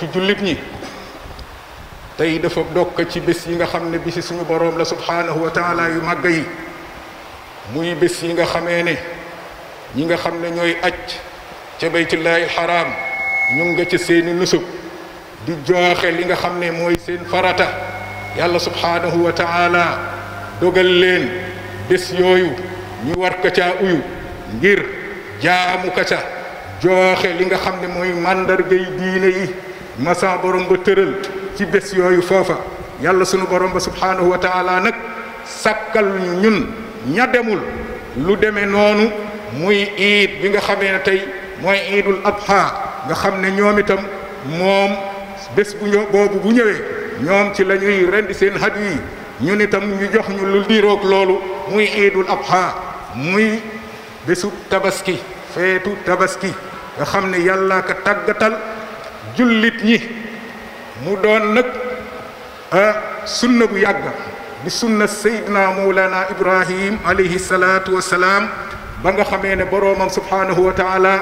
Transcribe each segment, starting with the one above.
ci jullit ñi tey dafa dokk ci bés yi nga xam ne bisi suñu boroom la subhaanahu wa taala yu màgg yi muy bés yi nga xamee ne ñi nga xam ne ñooy aj ca baytullahi alxaraam ñu nga ca seeni nusub di joxe li nga xam ne mooy seen farata yàlla subhaanahu wa taala dogal leen bés yooyu ñu war ka caa uyu ngir jaamu ka ca joxe li nga xam ne mooy màndargay diine yi masaa borom ba tëral ci bés yooyu foofa yàlla sunu borom ba subhaanahu wa taala nag sàkkal ñun ña demul lu demee noonu muy iid bi nga xamee na tey mooy iidul adha nga xam ne ñoom itam moom bés bu ñëw boobu bu ñëwee ñoom ci la ñuy rendi seen had yi ñun itam ñu jox ñu lu diiroog loolu muy iidul adha muy bésu tabaski feetu tabaski nga xam ne yàllaa ka tàggatal jullit ñi mu doon nag ah, sunna bu yàgg di sunna seydina mawlana ibrahim alayhi salaatu wa salaam ba nga xamee ne boroomam subhaanahu wa taala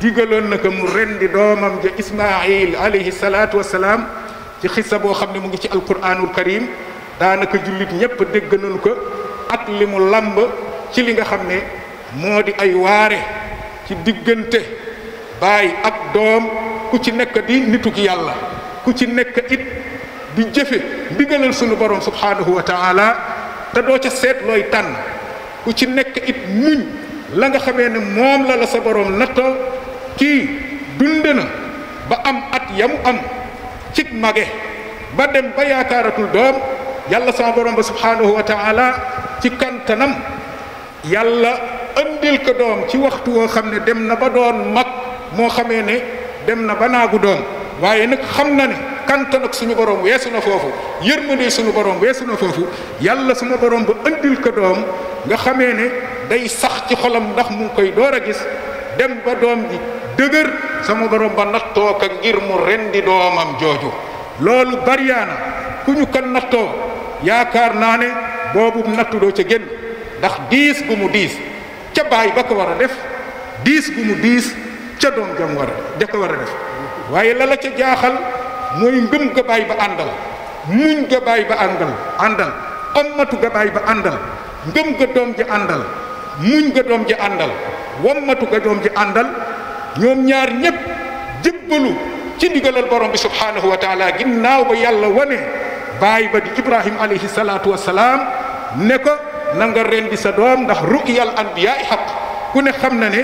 digaloon na mu rendi doomam ja ismail alayhi salaatu wa salaam ci xissa boo xam ne mu ngi ci alquranul karim daanaka jullit ñépp dégg ko ak li mu làmb ci li nga xam ne moo di ay waare ci diggante baay ak doom ku ci nekk di nitu yalla yàlla ku ci nekk it di jëfe ndigalal sunu borom subhanahu wa ta'ala te doo ca seet looy tànn ku ci nekk it muñ la nga xamee ne moom la la sa borom na ba am at yam am cig mage ba dem ba yalla doom yàlla sama borom subhanahu wa ta'ala ci kantanam yalla andil ko doom ci waxtu woo dem na ba doon ne dem na ba naagu doon waaye nag xam na ne kanta suñu borom weesu na foofu yërmande suñu borom weesu na foofu yàlla suma borom ba andil ko doom nga xamee ne day sax ci xolam ndax mu ngi koy door a gis dem ba doom ji dëgër sama borom ba nattoo ko ngir mu rendi doomam jooju loolu bariyaana ku ñu kan nattoo yaakaar naa ne boobu nattu ca gën ndax diis gu mu diis ca baay ba ko war a def diis gu mu diis ca doom jam war a def waaye la la ca jaaxal mooy ngëm ga baay ba àndal muñ ga baay ba àndal àndal ommatu ga baay ba àndal ngëm ga doom ji àndal muñ ga doom ji àndal wammatu ga doom ji àndal ñoom ñaar ñépp jëbbalu ci ndigalal borom bi subhaanahu wa taala ginnaaw ba yàlla wane baay ba di ibrahim alayhi salaatu wasalaam ne ko na nga rendi sa doom ndax ru'yal anbiyaa xaq ku ne xam na ne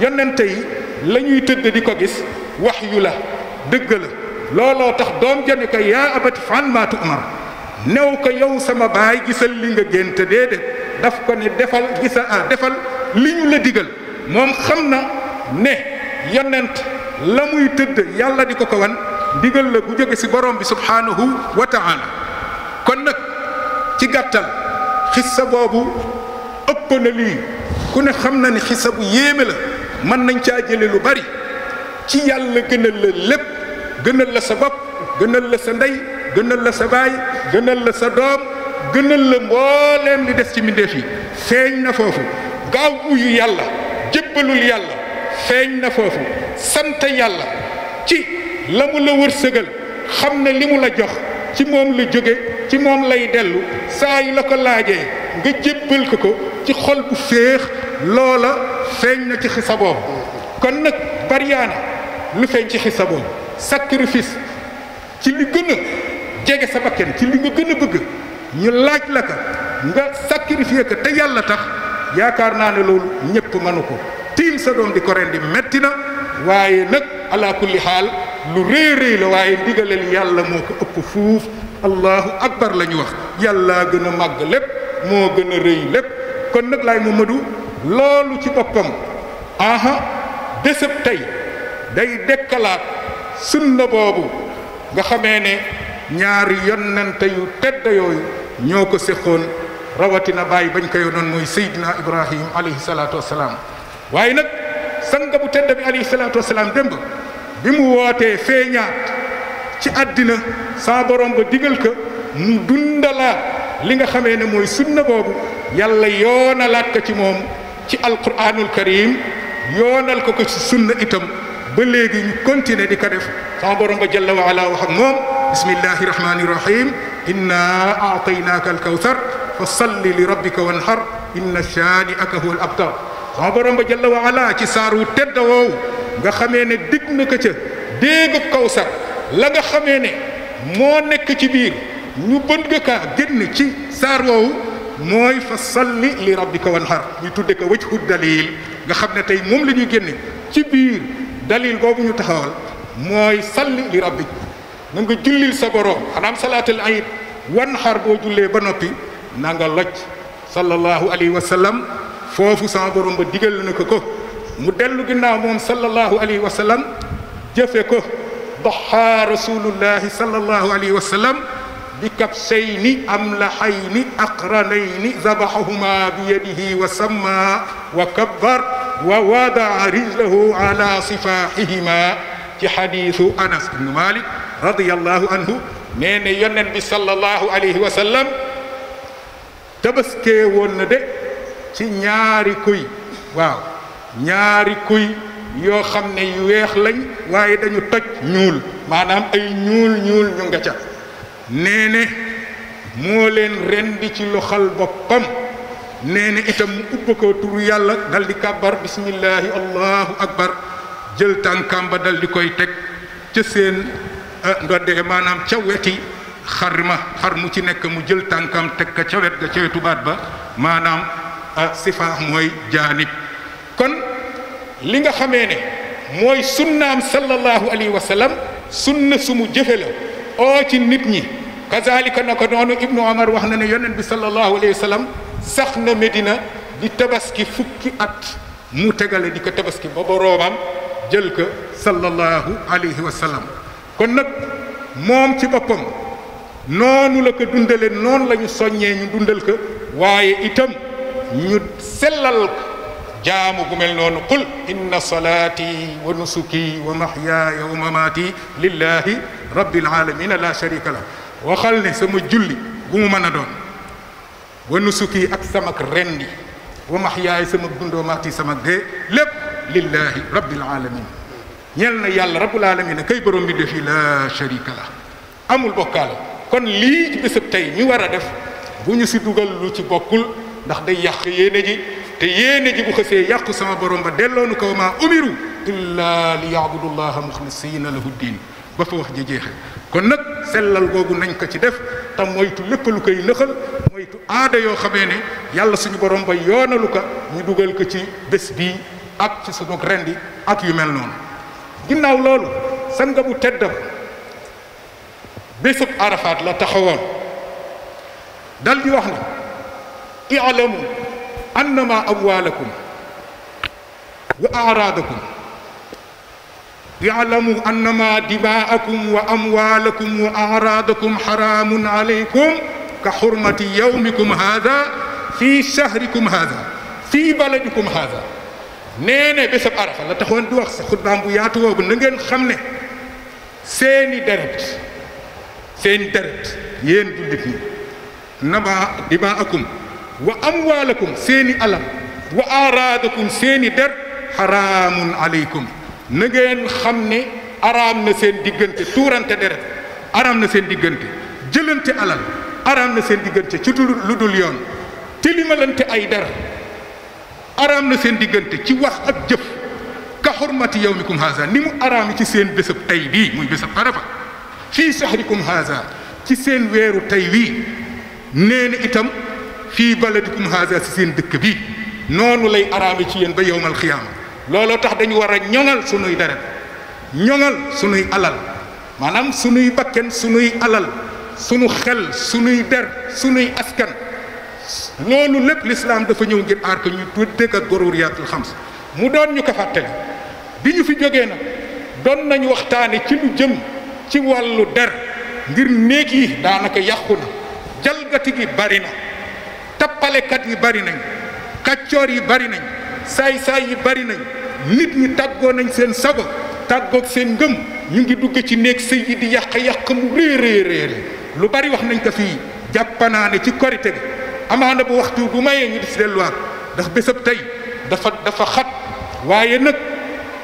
yonente yi lañuy ñuy tëdd di ko gis wax la dëgg la looloo tax doom jani ne ko yaa abati fal maa tu'mar new ko yow sama baay gisal li nga gént déedéet daf ko ne defal gisa a defal li ñu la digal moom xam na ne yonent la muy tëdd yàlla di ko ko wan digal la bu jóge si borom bi subhanahu wa ta'ala kon nag ci gàttal xissa boobu ëpp na lii ku ne xam na ni xissa bu yéeme la mën nañ caa jële lu bari ci yàlla gënal la lépp gënal la sa bopp gënal la sa ndey gënal la sa baay gënal la sa doom gënal la mbooleem di des ci mbindeef yi feeñ na foofu gaaw uyu yàlla jëbbalul yàlla feeñ na foofu sant yàlla ci la mu la wërsëgal xam ne li mu la jox ci moom la jóge ci moom lay dellu saa yi la ko laajee nga jébbal ko ko ci xol bu féex loola feeñ na ci xisa boobu kon nag bariyaana lu feeñ ci xisa boobu sacrifice ci li gën a jege sa bakkan ci li nga gën bëgg ñu laaj la ka nga sacrifier ko te yàlla tax yaakar naa ne loolu ñëpp mënu ko tiim sa doom di ko rendi metti na waaye nag ala kulli xaal lu rëy rëy la waaye ndigaleel yàlla moo ko ëpp fuuf allahu akbar la ñu wax yàllaa gën a màgg lépp moo gën a rëy lépp kon nag laay loolu ci boppam aha bésëb tey day dekkalaat sunna boobu nga xamee ne ñaari yonnante yu tedd yooyu ñoo ko séqoon rawatina bàyyi bañ ko yoonoon mooy seydina ibrahim alayhi salaatu salaam waaye nag sanga bu tedd bi alayhi salaatu wassalaam démb bi mu wootee feeñaat ci àddina saa borom ba digal ko mu dundalaat li nga xamee ne mooy sunna boobu yàlla yoonalaat ko ci moom ci alquranul karim yonal ko ko ci sunna itam ba legi ñu continuer di ko def sama borom ba jalla wa ala wax ak moom bismillahi rahim inna a'tainaka alkawthar fasalli li rabbika wanhar inna shani'aka huwal abtar sama borom ba jalla wa ala ci saru tedd woowu nga xamé ne dig na ko ci deg kawsar la nga xamé ne mo nek ci bir ñu bënd ka génn ci sar woowu mooy fa salli li rabbika wanhar ñu tudde ko wajhu dalil nga xam ne tey moom la ñuy génne ci biir dalil boobu ñu taxawal mooy salli li rabbi na nga jullil sa borom xanaam salaatul ayit wanhar boo jullee ba noppi na nga loj sallallahu alayhi wa sallam foofu sama borom ba digal na ko ko mu dellu ginnaaw moom sallallahu alayhi wa sallam jëfe ko doxaa rasulullahi sallallahu alayhi wa sallam بكبشين أملحين أقرنين ذبحهما بيده وسمى وكبر ووضع رجله على صفاحهما في حديث أنس بن مالك رضي الله عنه من ينن صلى الله عليه وسلم تبسكي وند ci ñaari kuy waaw ñaari kuy yoo xam ne yu weex lañ waaye dañu toj ñuul maanaam ay ñuul ñuul ñu nga ca nee ne moo leen rendi ci loxal boppam nee ne itam mu ubba ko turu yàlla dal di kàbbar bismillahi allahu akbar jël tànkam ba dal di koy teg ca seen ah, ndodde maanaam ca weti xar ma xar mu ci nekk mu jël tànkam teg ka ca wet ga ca wetu baat ba maanaam ah, sifaax mooy jaanib kon li nga xamee ne mooy sunnaam sallallahu alayhi wa sallam sunna su mu jëfe la oo ci nit ñi كذلك نكون ابن عمر وحنا نيونن بي صلى الله عليه وسلم سخنا مدينه دي تبسكي فكي ات مو تغال دي كتبسكي بابا روبام جلك صلى الله عليه وسلم كون نك موم تي بوبام نونو لك دوندل نون لا ني سوغني ني دوندل ك واي ايتام ني سلال جامو غمل نون قل ان صلاتي ونسكي ومحياي ومماتي لله رب العالمين لا شريك له waxal ne sama julli bu mu mën a doon wa nusuki ak samak rendi wa max yaay sama dundoo maati samak dee lépp lillahi rabbil alamin ñel na yàlla rabbul alamin kay borom bi defi la sharika la amul bokkaal kon lii ci bésëb tey ñu war a def bu ñu si dugal lu ci bokkul ndax day yàq yéene ji te yéene ji bu xësee yàqu sama borom ba delloonu ko ma umiru illa li yaabudu llaha muxlisina lahu ddin ba fa wax ji jeexe kon nag sellal googu nañ ko ci def te moytu lépp lu koy lëxal moytu aada yoo xamee ne yàlla suñu borom ba yoonalu ko ñu dugal ko ci bés bii ak ci sunu rendi ak yu mel noonu ginnaaw loolu sanga bu teddam bésub arafaat la taxawoon dal di wax ne i'lamu annama amwaalakum wa araadakum يعلموا أنما دماءكم وأموالكم وأعراضكم حرام عليكم كحرمة يومكم هذا في شهركم هذا في بلدكم هذا نين بسب عرفة لا تخوان دوخ سخد بامبو ياتو نغن خمنة سيني درد سيني درد يين دلدكي نما دماءكم وأموالكم سيني ألم وأعراضكم سيني درد حرام عليكم na ngeen xam ne araam na seen diggante tuurante deret araam na seen diggante jëlante alal araam na seen diggante ci lu dul yoon tilimalante ay der araam na seen diggante ci wax ak jëf ka xurmati yawmikum haza ni mu araami ci seen bésab tey bii muy bésab arafa fii sahrikum haza ci seen weeru tey wii nee na itam fii baladikum haza si seen dëkk bii noonu lay araami ci yéen ba yowmal xiyaama looloo tax dañu war a ñoŋal sunuy deret ñoŋal sunuy alal maanaam sunuy bakken sunuy alal sunu xel sunuy der sunuy askan loolu lépp lislaam dafa ñëw ngir aar ko ñu tudde ak daruriyaatul xams mu doon ñu ko fàttali bi ñu fi jógee nag doon nañu waxtaane ci lu jëm ci wàllu der ngir néeg yi daanaka yàqu na jalgati gi bari na tappalekat yi bari nañ kàccoor yi bari nañ saay-saay yi bari nañ nit ñi tàggoo nañ seen sago tàggoog seen ngëm ñu ngi dugg ci néeg sëy yi di yàq yàq mu réerée réeré lu bari wax nañ ko fii jàppanaane ci korite bi amaana bu waxtu bu mayee ñu di si delluwaat ndax bésab tey dafa dafa xat waaye nag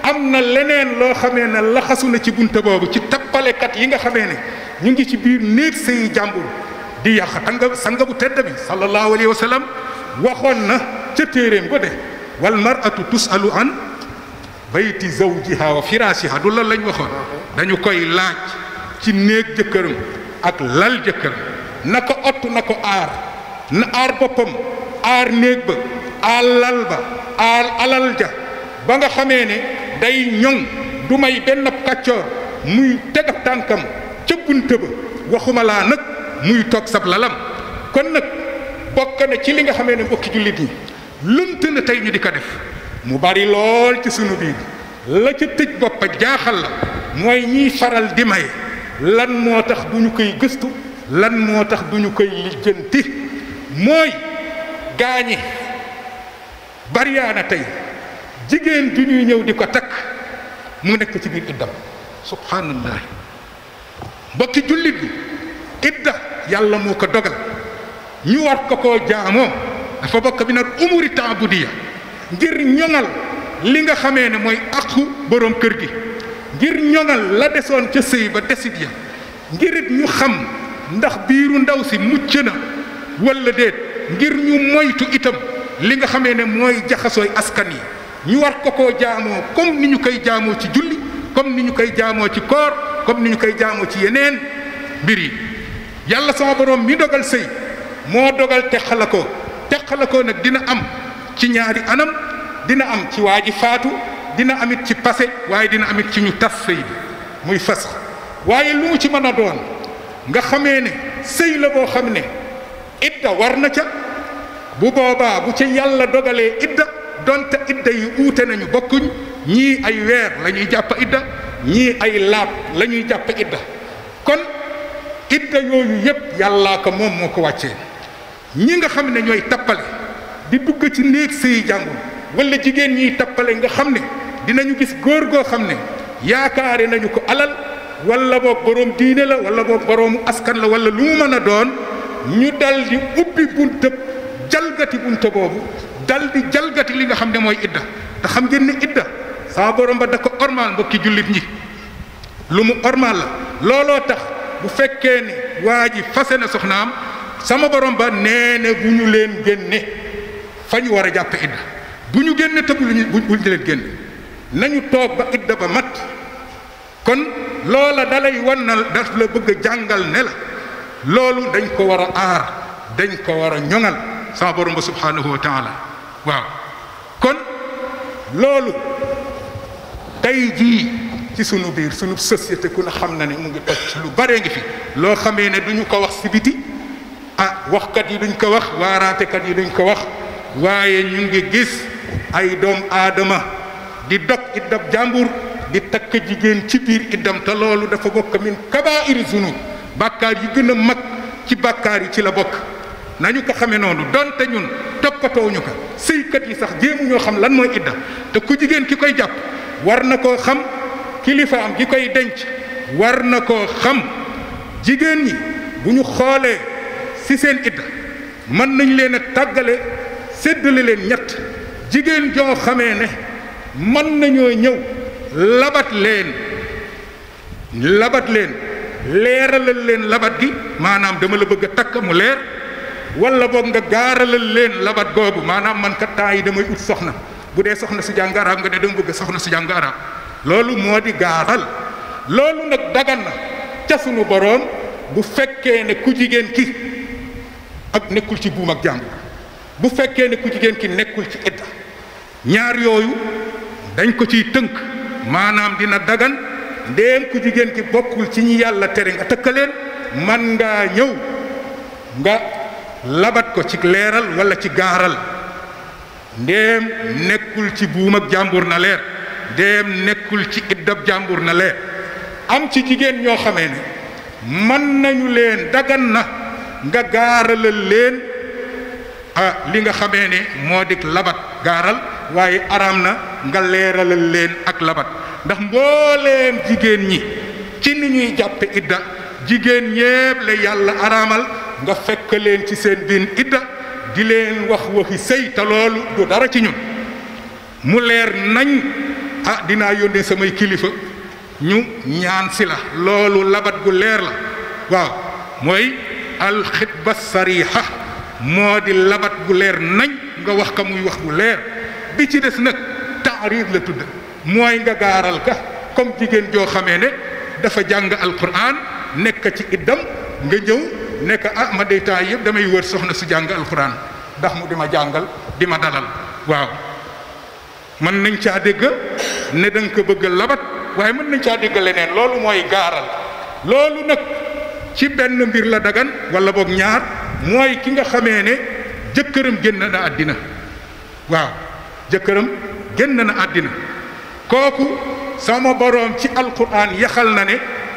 am na leneen loo xamee ne laxasu na ci bunte boobu ci tappalekat yi nga xamee ne ñu ngi ci biir néeg sëy jàmbur di yàq sanga sanga bu tedd bi sallallahu alayhi wa waxoon na ca téeréem ba de wal maratu tusalu an bayti zawjiha wa firaasiha du lan lañ waxoon dañu koy laaj ci néeg jëkkëram ak lal jëkkër na ko ott na ko aar na aar boppam aar néeg ba aar lal ba aar alal ja ba nga xamee ne day ñoŋ du may benn kàccoor muy tegab tànkam ca bunt ba waxuma laa nag muy toog sab lalam kon nag bokk na ci li nga xamee ne mbokki jullit yi lënt na tey ñu di ko def mu bari lool ci sunu biir la ca tëj boppa jaaxal la mooy ñiy faral di may lan moo tax du ñu koy gëstu lan moo tax du ñu koy lijjanti mooy gaañi bariyaana tey jigéen bi ñuy ñëw di ko takk mu nekk ci biir iddam subhanallah mbokki jullit bi idda yàlla moo ko dogal ñu war ko koo jaamoo dafa bokk minal umuri taabudiya ngir ñoŋal li nga xamee ne mooy àqu borom kër gi ngir ñoŋal la desoon ca sëy ba desit ya ngirit ñu xam ndax biiru ndaw si mucc na walla déet ngir ñu moytu itam li nga xamee ne mooy jaxasooy askan yi ñu war ko ko jaamoo comme ni ñu koy jaamoo ci julli comme ni ñu koy jaamoo ci koor comme ni ñu koy jaamoo ci yeneen mbir yi yàlla sama boroom mi dogal sëy moo dogal te xala ko teqala ko nag dina am ci ñaari anam dina am ci waa ji faatu dina amit ci pase waaye dina amit ci ñu tas sëy bi muy fas waaye lu mu ci mën a doon nga xamee ne sëy la boo xam ne idda war na ca bu boobaa bu ca yàlla dogalee idda donte idda yi uute nañu bokkuñ ñii ay weer lañuy ñuy jàpp idda ñii ay laab lañuy ñuy jàpp idda kon idda yooyu yépp yàllaa ko moom moo ko wàccee ñi nga xam ne ñooy tappale di dugg ci néeg sëy jàngul wala jigéen ñiy tappale nga xam ne dinañu gis góor goo xam ne yaakaare nañu ko alal wala boog borom diine la wala boog boroomu askan la wala lu mu mën a doon ñu dal di ubbi buntëb jalgati bunta boobu dal di jalgati li nga xam ne mooy idda te xam ngeen ne idda saa borom ba da ko mbokki jullit ñi lu mu la looloo tax bu fekkee ni waa ji fase na soxnaam sama borom ba nee na bu ñu leen génne fa ñu war a jàpp idda bu ñu génne te lu ñu bu ñu leen génne nañu toog ba idda ba mat kon loola dalay wan na daf la bëgg a jàngal ne la loolu dañ ko war a aar dañ ko war a ñoŋal sama borom ba subhanahu wa waaw kon loolu tey jii ci sunu biir sunu société ku ne xam na ne mu ngi toj lu bare ngi fi loo xamee ne duñu ko wax si biti ah waxkat yi duñ ko wax waaraatekat yi duñ ko wax waaye ñu ngi gis ay doom aadama di dog iddab jàmbur di takk jigéen ci biir iddam te loolu dafa bokk min kabaa'iri zunub a mag ci bàkkaar yi ci la bokk nañu ko xamee noonu donte ñun toppatoowuñu ko sëykat yi sax jéemu ñoo xam lan mooy idda te ku jigéen ki koy jàpp war na koo xam kilifa am gi koy denc war na ko xam jigéen yi bu ñu xoolee si seen idda mën nañ leen a tàggale séddale leen ñett jigéen joo xamee ne mën nañoo ñëw labat leen labat leen leeralal leen labat gi maanaam dama la bëgg a takk mu leer wala boog nga gaaralal leen labat googu maanaam man kat temps yi damay ut soxna bu dee soxna si jàng arab nga ne dama bëgg soxna si jàng arab loolu moo di gaaral loolu nag dagan na ca sunu boroom bu fekkee ne ku jigéen ki ak nekkul ci buum ak jàmbur bu fekkee ne ku jigéen ki nekkul ci idda ñaar yooyu dañ ko ciy tënk maanaam dina dagan ndéem ku jigéen ki bokkul ci ñi yàlla tere nga tëkkaleen man ngaa ñëw nga labat ko ci leeral wala ci gaaral ndéem nekkul ci buum ak jàmbur na leer ndéem nekkul ci iddab jàmbur na leer am ci jigéen ñoo xamee ne mën nañu leen dagan na nga gaaralal leen ah, li nga xamee ne moo labat gaaral waaye araam na nga ak labat ndax mbooleem jigen ñi ci ni ñuy jàppe idda jigéen aramal, la yàlla araamal nga fekk leen ci seen biin idda di leen wax waxi sëy te loolu du dara ci ñun mu leer nañ ah dinaa yónnee samay kilifa ñu ñaan labat gu leer la waaw alxitba sariha moo di labat gu leer nañ nga wax ka muy wax bu leer bi ci des nag taarif la tudd mooy nga gaaral ka comme jigéen joo dafa alquran nekk ci idam nga ñëw nekk ah ma day taa yëpp damay wër soxna su jàng alquran ndax mu dima jàngal dima dalal waaw mën nañ caa dégg ne da nga ko bëgg labat waaye mën nañ leneen ci benn mbir la dagan wala boog ñaar mooy ki nga xamee ne jëkkëram génn na àddina waaw jëkkëram génn na àddina kooku sama borom ci alquran yaxal na ne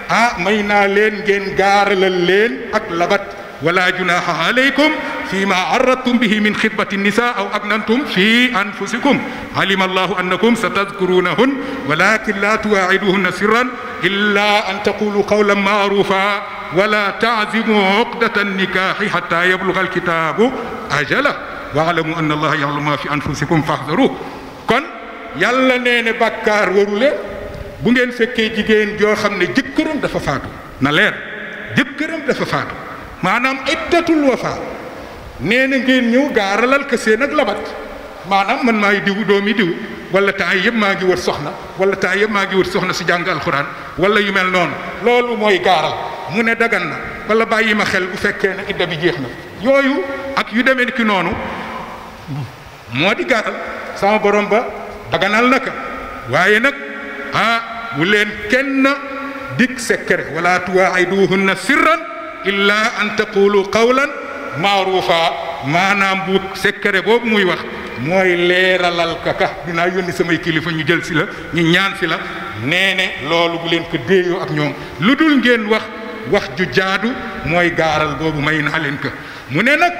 ah may naa leen ngeen gaaralal leen ak labat wala junaha alaykum فيما عرضتم به من خطبة النساء أو أكننتم في أنفسكم علم الله annakum ستذكرونهن walakin la تواعدوهن sirran إلا أن تقولوا قولا معروفا ولا تعزموا عقدة النكاح حتى يبلغ الكتاب أجله واعلموا أن الله يعلم ما في أنفسكم فاحذروه كن يلا نين بكار ورولي بوغين فكي جيجين جو خامني جيكرم دا فاتو نا لير جيكرم دا فا فاتو مانام عدت الوفاء نين نيو غارلال كسين لبات مانام من ماي ديو دومي ديو ولا تعيب ما جي ور سخنا ولا تعيب ما جي ور سخنا سي جانغ القران ولا يمل نون لولو موي غارال مو ني دغان نا ولا باي ما خيل بو فكه ني ادبي جيخنا يويو اك يو ديمي كي نونو مودي غارال سام بروم با دغانال نك واي نك ها مولين كين ديك سكر ولا توا ايدوهن سرا الا ان تقولوا قولا معروفا ما نام بو سكر بوب موي واخ mooy leeralal ka ka dinaa yónni samay kilifa ñu jël si la ñu ñaan si la nee ne loolu bu leen ko déeyoo ak ñoom lu dul ngeen wax wax ju jaadu mooy gaaral boobu may naa leen ko mu ne nag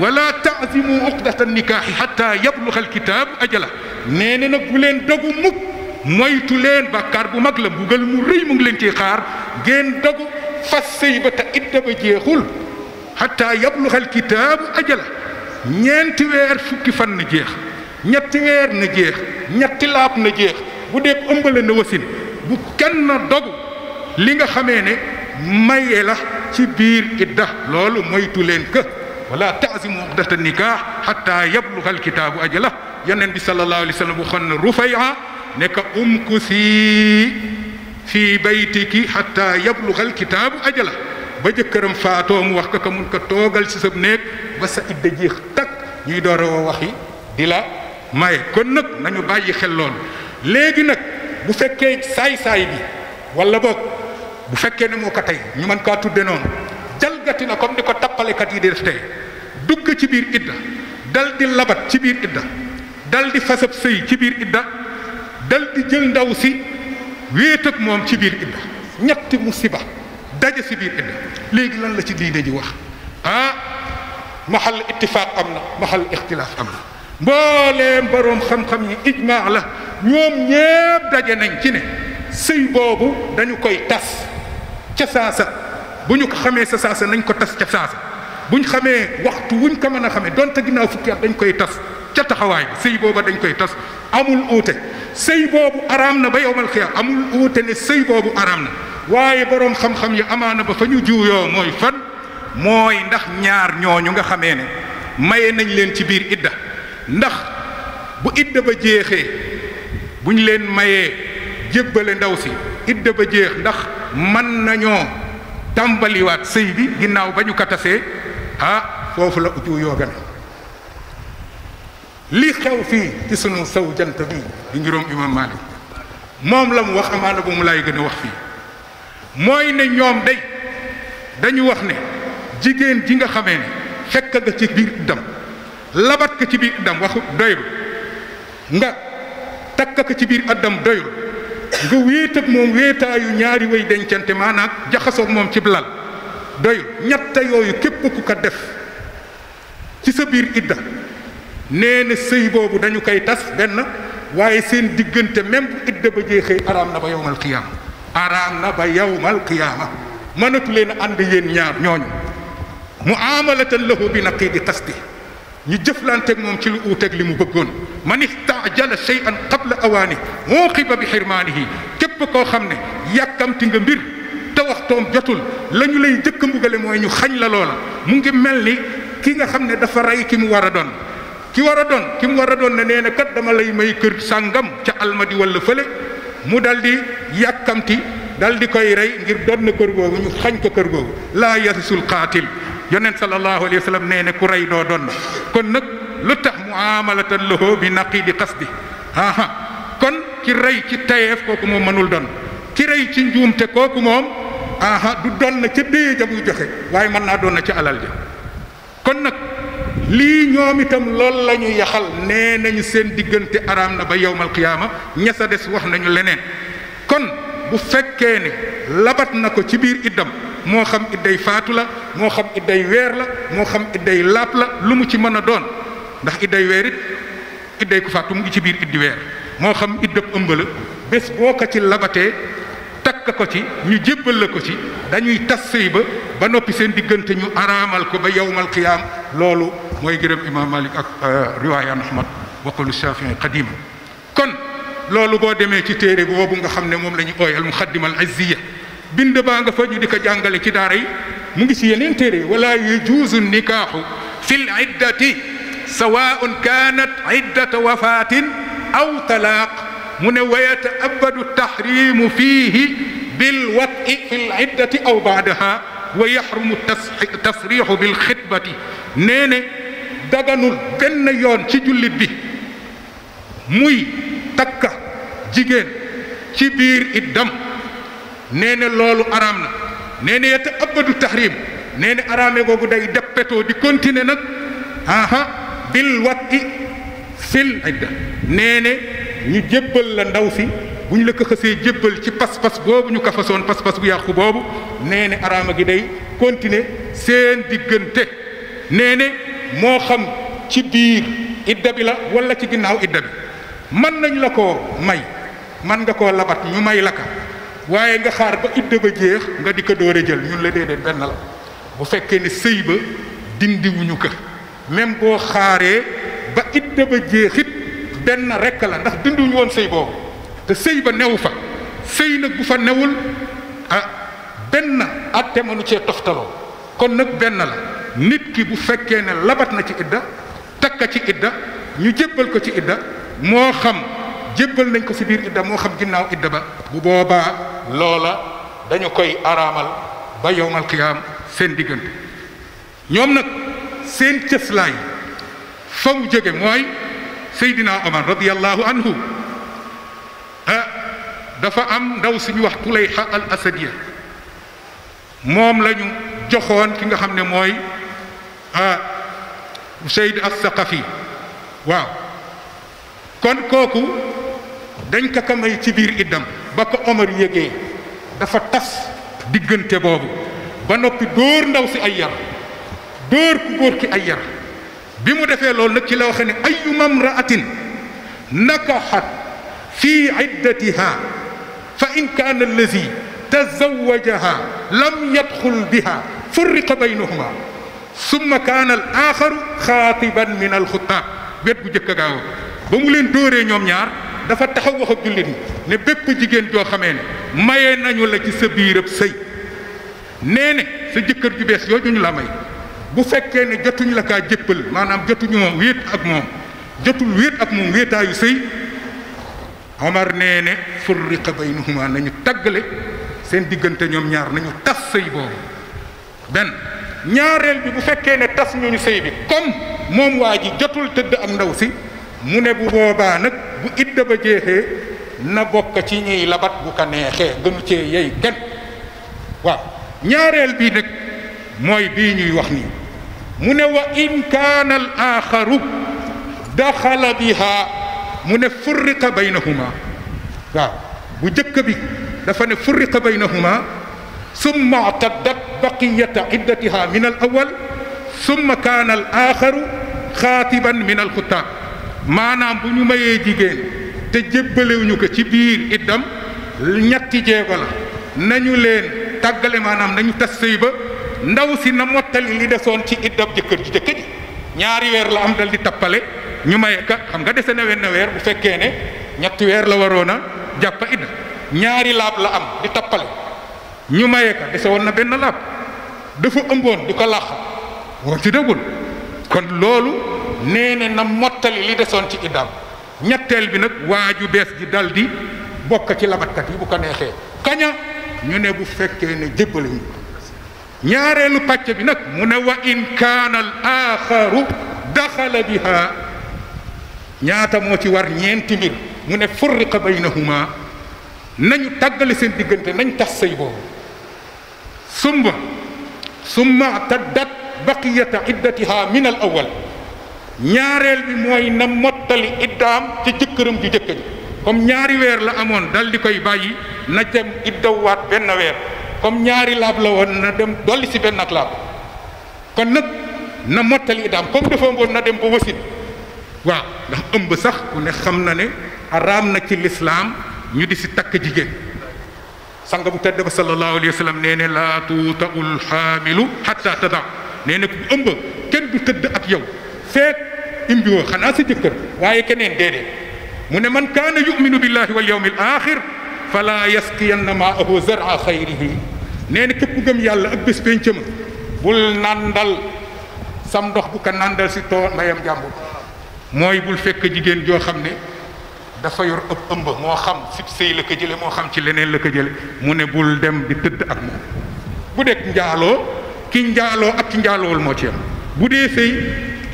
wala taazimu uqdata nikaaxi xata yabluxa alkitaab ajala nee nag bu leen dogu mukk moytu leen bàkkaar bu mag la mbugal mu rëy mu ngi leen ci xaar ngeen dogu fas sëy ba te idda ba jeexul xata yabluxa alkitaab ajala ñeenti weer fukki fan na jeex ñetti weer na jeex ñetti laab na jeex bu dee ëmbale na wasin bu kenn dogu li nga xamee ne maye la ci biir idda loolu moytu leen ka wala taasimu uqdata nikaax xataa yabluga alkitaabu ajala yeneen bi sallallahu alayhi wa sallam bu xon ne rufaya ne ka umkusi fii baytiki xataa yabluga alkitaabu ajala ba jëkkëram faatoo mu wax ko ka mun ko toogal ci sa néeg ba sa idda jeex takk ñuy door a wax yi di la maye kon nag nañu bàyyi xel loolu léegi nag bu fekkee saay-saay bi wala boog bu fekkee ne moo ko tey ñu mën kaa tudde noonu jalgati na comme ni ko tappalekat yi di def tey dugg ci biir idda daldi di labat ci biir idda daldi di fasab sëy ci biir idda daldi jël ndaw si wéet moom ci biir idda ñetti musiba daje ci bir indi légui lan la ci diine ji wax han mahal ittifaq amna mahal ikhtilaf amna am borom xam-xam yi ijma la ñom ñépp daje nañ ci ne sëy bobu dañu koy tass ci saasa buñu ko xamé sa saasa nañ ko tass ci saasa buñ xamé waxtu wuñ ko mëna xamé donte ginnaaw fukki dañ koy tass ca taxaway bi sëy bobu dañ koy tas amul oute sëy bobu araam na ba yowmal xiyaam amul oute ne sëy bobu araam na waaye boroom xam-xam yi amana ba fañu ñu juuyoo mooy fan moy ndax ñaar ñooñu nga xamé ne maye nañ leen ci biir idda ndax bu idda ba jeexee buñ leen maye jébbale ndaw si idda ba jeex ndax man nañu tambali wat sëy bi ginnaw bañu ñu ha fofu la uju yo gane lii xew fii ci sunu saw jant bi di njuróom imam Malik moom la mu wax amaana bu mu laay gën a wax fii mooy ne ñoom day dañu wax ne jigéen ji nga xame ne fekk nga ci biir iddam labat ko ci biir iddam waxu doyul nga takk ko ci biir addam doyul nga wéet ak moom wéetaayu ñaari way dencante maanaam jaxasoog moom cib lal doyul ñett yooyu képp ku ko def ci sa biir idda nee na sëy boobu dañu koy tas benn waaye seen diggante même bu idda ba jeexee araam na ba yowmal qiyaama araam na ba yowmal qiyaama mënatu leen a ànd yéen ñaar ñooñu mu amalatan lahu bi naqiidi qasdi ñu jëflanteeg moom ci lu uuteeg li mu bëggoon man istaajala shay'an qabla awaani muuqiba bi xirmaanihi képp koo xam ne yàkkamti nga mbir te waxtoom jotul lañu ñu lay jëkk mbugale mooy ñu xañ la loola mu ngi mel ni ki nga xam ne dafa rey ki mu war a doon ki war a doon ki mu war a doon na nee na kat dama lay may kër sàngam ca almadi walla fële mu dal di yàkkamti dal di koy rey ngir doon na kër googu ñu xañ ko kër googu laa yarisul qaatil yonent sallallahu alayhi wa sallam nee na ku rey doo doon na kon nag lu tax mu muamalatan lahu bi naqidi qasdi aha kon ci rey ci tayeef kooku moom mënul doon ci rey ci njuumte kooku moom aha du doon na ca déye ja joxe waaye mën naa doon na ca alal ja kon nag lii ñoom itam lool la ñu yaxal nee nañu seen diggante araam na ba yowmal qiyaama ña sa des wax nañu leneen kon bu fekkee ne labat na ko ci biir iddam moo xam idday faatu la moo xam idday weer la moo xam idday laap la lu mu ci mën a doon ndax idday weer it idday ku faatu mu ngi ci biir iddi weer moo xam iddab ëmb la bés boo ko ci labatee takk ko ci ñu jébbal la ko ci dañuy tas sëy ba ba noppi seen diggante ñu araamal ko ba yowmal qiyaam loolu mooy gërëm imam malik ak riwaayaan ahmad waqalu shafii qadima kon loolu boo demee ci téere boobu nga xam ne moom la ñu ooy al muxaddima al azziya bind baa nga fa ñu di ko jàngale ci daara yi mu ngi ci yeneen téere wala yajuuzu nikaaxu fi l iddati sawaun kanat iddata wafatin aw talaaq mu ne wa yataabadu tahrimu fiihi bil wati fi l iddati aw baadaha wa yaxrumu tasriixu bil xitbati nee ne daganul benn yoon ci jullit bi muy takka jigéen ci biir iddam nee na loolu araam na nee na yete abadu tahrim nee na araame googu day deppetoo di continuer nag aha bil wat i fil idda nee ñu jébbal la ndaw si bu ñu la ko xësee jébbal ci pas-pas boobu ñu kafasoon pas-pas bu yàqu boobu nee araama gi day continuer seen diggante nee moo xam ci biir idda bi la wala ci ginnaaw idda bi mën nañ la ko may mën nga ko labat ñu may la waaye nga xaar ba idda ba jeex nga di ko doore jël ñun la dee benn la bu fekkee ne sëy ba dindiwuñu ko même boo xaaree ba idda ba jeexit benn rekk la ndax dindiwuñu woon sëy boobu te sëy ba newu fa sëy nag bu fa newul ah benn atte mënu cee toftaloo kon nag benn la nit ki bu fekkee ne labat na ci idda takka ci idda ñu jébbal ko ci idda moo xam jébbal nañ ko ci biir idda moo xam ginnaaw idda ba bu boobaa loola dañu koy araamal ba yowmal qiyaam seen diggante ñoom nag seen cëslaay fa mu mooy Seydina Omar radiyallahu anhu ah, dafa am ndaw suñu wax Tulayha al Asadiya moom la joxoon ki nga xam ne mooy حسين آه، الثقفي واو كون كوكو دنج كا كاماي سي بير ادم باك عمر ييغي دا فا تاس ديغنتي بوبو با نوبي دور ndaw سي ايار دور كو غور كي ايار بيمو دافي لول نك لا واخني اي امراه نكحت في عدتها فان كان الذي تزوجها لم يدخل بها فرق بينهما summa kaana al aaxaru xaatiban min al xutaab wet bu jëkk gaaw ba mu leen dóoree ñoom ñaar dafa taxaw wax jullit ñi ne bépp jigéen joo xamee ne maye nañu la ci sa biirab sëy nee ne sa jëkkër ju bees yooyu ñu la may bu fekkee ne jotuñ la kaa jëppal maanaam jotuñoo wéet ak moom jotul wéet ak moom wéetaayu sëy Omar nee ne furriqa baynahuma nañu taggale seen diggante ñoom ñaar nañu tas sëy boobu benn ñaarel bi bu fekkee ne tas ñu sëy bi comme moom waa ji jotul tëdd am ndaw si mu ne bu boobaa nag bu idda ba jeexee na bokk ci ñuy labat bu ko neexee gënu cee yey kenn waaw ñaareel bi nag mooy bii ñuy wax nii mu ne wa in kaana al axaru daxala biha mu ne furriqa baynahuma waaw bu jëkk bi dafa ne furriqa baynahuma summa ictaddat baqiyata iddatiha min al awal summa kaanal al aaxaru xaatiban min al xutaab maanaam bu ñu mayee jigéen te jébbalewuñu ko ci biir iddam ñetti jéego la nañu leen tàggale maanaam nañu tas sëy ba ndaw si na mottali li desoon ci iddam jëkkër ji jëkkër ji ñaari weer la am dal di tappale ñu maye ka xam nga dese na wenn weer bu fekkee ne ñetti weer la waroon a jàppa idda ñaari laab la am di tappale ñu maye ka dese woon na benn laab dafa ëmboon di ko làq woon ci dëggul kon loolu nee ne na mottali li desoon ci iddaam ñetteel bi nag waa ju bees ji daldi bokk ci labatkat yi bu ko neexee kaña ñu ne bu fekkee ne jébbal ñu ñaareelu pàcc bi nag mu ne wa in kaana al axaru daxala biha ñaata moo ci war ñeenti mbir mu ne furriqa baynahuma nañu tàggale seen diggante nañ tas sëy boobu ثم ثم اعتدت بقية عدتها من الأول ñaareel bi mooy na mottali iddaam ci jëkkëram ju jëkkëj comme ñaari weer la amoon dal di koy bàyyi na dem iddawaat benn weer comme ñaari laab la woon na dem dolli si benn ak laab kon nag na mottali iddaam comme dafa mboon na dem ba wasin waaw ndax ëmb sax ku ne xam na ne araam na ci lislaam ñu di si takk jigéen sang bu tedd ba sallallahu alayhi wasallam neene la tu laa hamil hatta tada neene ko umba ken du tëdd ak yow feek imbiwoo xanaa sa jëkkër waaye keneen déedéet mu ne man kana yuminu billahi wal yawmil akhir fala yasqiyanna maahu zara xayrihi neene kep gum yàlla ak bés pencema bul nandal sam dox bu ko nandal ci to mayam jambu moy bul fek jigen jo xamne dafa yor ëpp ëmb moo xam sib sëy la ko jële moo xam ci leneen la ko jële mu ne bul dem di tëdd ak moom bu dee njaaloo ki njaaloo ak ki njaaloowul moo ci am bu dee sëy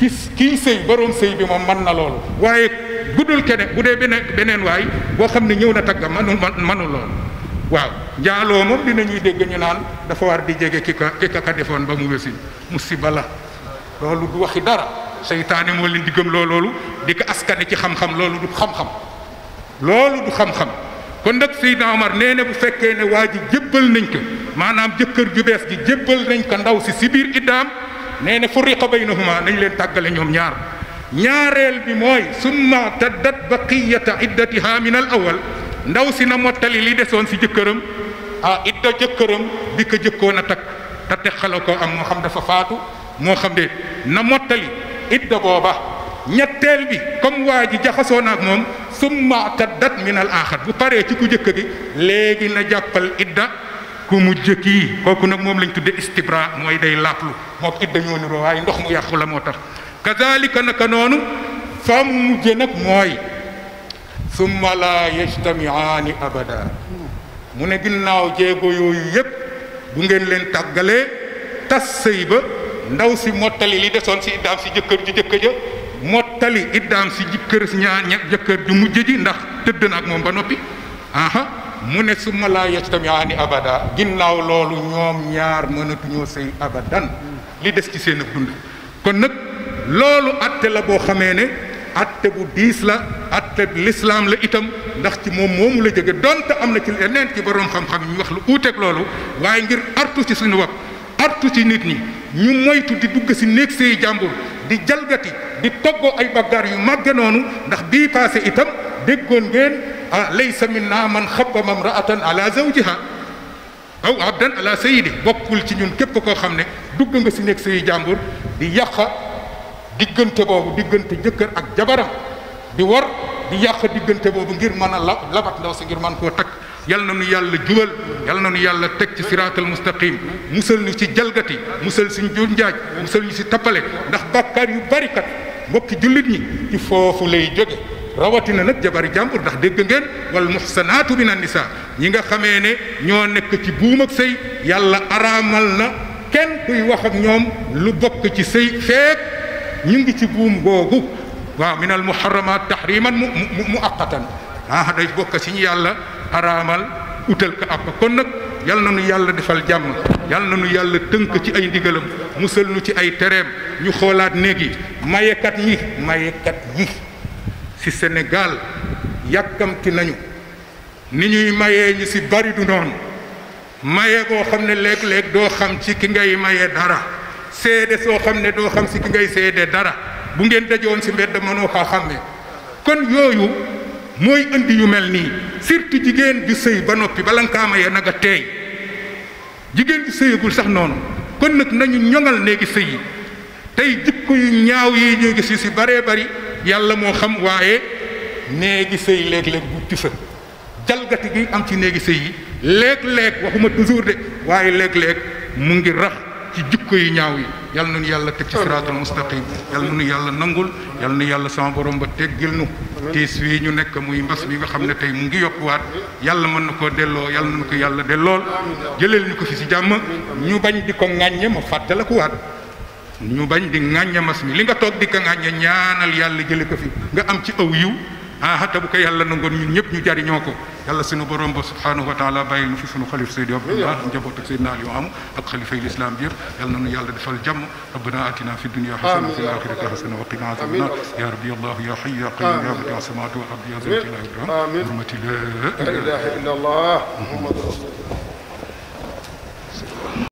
ki kiy sëy boroom bi moom mën na loolu waaye guddul kene bu dee beneen beneen waay boo xam ne ñëw na tagga manu manu loolu waaw njaaloo moom ñuy dégg ñu naan dafa war di jege ki ka ki ka ka defoon ba mu wésin musiba la loolu du waxi dara seytaane moo leen di gëm loo loolu di ko askane ci xam-xam loolu du xam-xam loolu du xam-xam kon nag Seydina Omar nee na bu fekkee ne waa ji jébbal nañ ko maanaam jëkkër ju bees ji jébbal nañ ko ndaw si si biir iddaam nee na furiqa baynahuma nañ leen tàggale ñoom ñaar ñaareel bi mooy summa taddat baqiyata iddatiha min al awal ndaw si na mottali li desoon si jëkkëram ah idda jëkkëram bi ko jëkkoon a takk te texala ko am moo xam dafa faatu moo xam de na mottali idda booba ñetteel bi comme waa ji jaxasoo na ak moom summa taddat min al bu paree ci ku jëkk gi léegi na jàppal idda ku mujj kii kooku nag moom lañ tudde istibra mooy day làpplu moo idda ñoo niroo waaye ndox mu yàqu la moo tax kazalika naka noonu fa mu mujje nag mooy summa laa yajtamiaani abada mu ne ginnaaw jéego yooyu yépp bu ngeen leen tàggalee tas sëy ba ndaw si mottali li desoon si iddaam si jëkkër ju jëkkër ja mottali idam si jëkkër si ñaar ñak jëkkër ju mujj ji ndax tëdd ba aha mune ne summa laa yajtamiaani abada ginnaaw loolu ñoom ñaar mënatuñoo sëy abadan li des ci seen dund kon nag loolu atte la boo xamee ne atte bu diis la atte l'islam la itam ndax ci moom moomu la jóge donte am na ci leneen ci borom xam-xam ñu wax lu uuteeg loolu waaye ngir artu ci suñu artu ci nit ñi ñu moytu di dugg sey di jalgati di toggoo ay bagar yu màgge nonu ndax bi passé itam deggon ngeen ah laysa minna man khabba mamra'atan ala zawjiha aw abdan ala sayyidi bokul ci ñun kep ko xamne dugg nga ci nek sey jàmbur di yàqa digeunte bobu digeunte jeuker ak jabaram di wor di yàq digeunte bobu ngir man la labat ndaw sa ngir man ko tak yal nanu yàlla jubal yal nanu yàlla tek ci siratal mustaqim musal ni ci jalgati musal suñu jur njaaj musal ni ci tapale ndax bakkar yu bari kat mbokki jullit ñi ci foofu lay jóge rawatina nag jabari jàmbur ndax dégg ngeen wal muxsanaatu mina nisa ñi nga xamee ne ñoo nekk ci buumak ak sëy yàlla araamal na kenn kuy wax ñoom lu bokk ci sey feek ñu ngi ci buum googu waa min al muharramat tahriman mu mu mu aqatan ah day bokk si ñu yàlla araamal utal ko ak kon nag yal na nu yàlla defal jàmm yal na nu yàlla tënk ci ay ndigalam musal nu ci ay tereem ñu xoolaat néeg yi mayekat yi mayekat yi ci Sénégal yàkkamti nañu ni ñuy mayee ñu ci bari du noonu maye boo xam ne léeg-léeg doo xam ci ki ngay maye dara seede soo xam ne doo xam ci ki ngay seede dara bu ngeen dajoon ci mbedd mënoo xaa xam kon yooyu mooy indi yu mel nii surtout jigéen ju sëy ba noppi bala nga kaa mayee nag a teey jigéen ju sëyagul sax noonu kon nag nañu ñoŋal néegi sëy yi tey jikko yu ñaaw yi ñuy gis si baree bari yàlla moo xam waaye néegi sëy léeg-léeg bu fa jalgati gi am ci néegi sëy yi léeg-léeg waxuma toujours de waaye léeg-léeg mu ngi rax ci jikko yu ñaaw yi yàlla na nu yàlla teg ci siraatal mustaqim yàlla na nu yàlla nangul yàlla na yàlla sama borom ba teggil nu tiis wii ñu nekk muy mbas mi nga xam ne tey mu ngi waat yàlla mën na koo delloo yàlla na ko yàlla dellool jëleel ñu ko fi si jàmm ñu bañ di ko ŋàññe ma fàttalikuwaat ñu bañ di ŋàññe mbas mi li nga toog di ko ŋàññe ñaanal yàlla jële ko fi nga am ci aw yiw ah hatta bu ko yàlla nangoon ñun ñëpp ñu jariñoo ko yàlla sunu borom ba subhanahu wa taala bàyyi nu fi sunu xalif Seydi Abdallah njaboot ak Seydina Aliou am ak xalifa yi lislaam bi yëpp yàlla nanu yàlla defal jàmm rabbana atina fi dunya hasana wa fil akhirati hasana wa qina adhaban nar ya rabbi allah ya hayy ya qayyum ya badi'u samawati wal ardi ya zal jalali wal ikram hurmati la ilaha illa allah muhammadur rasulullah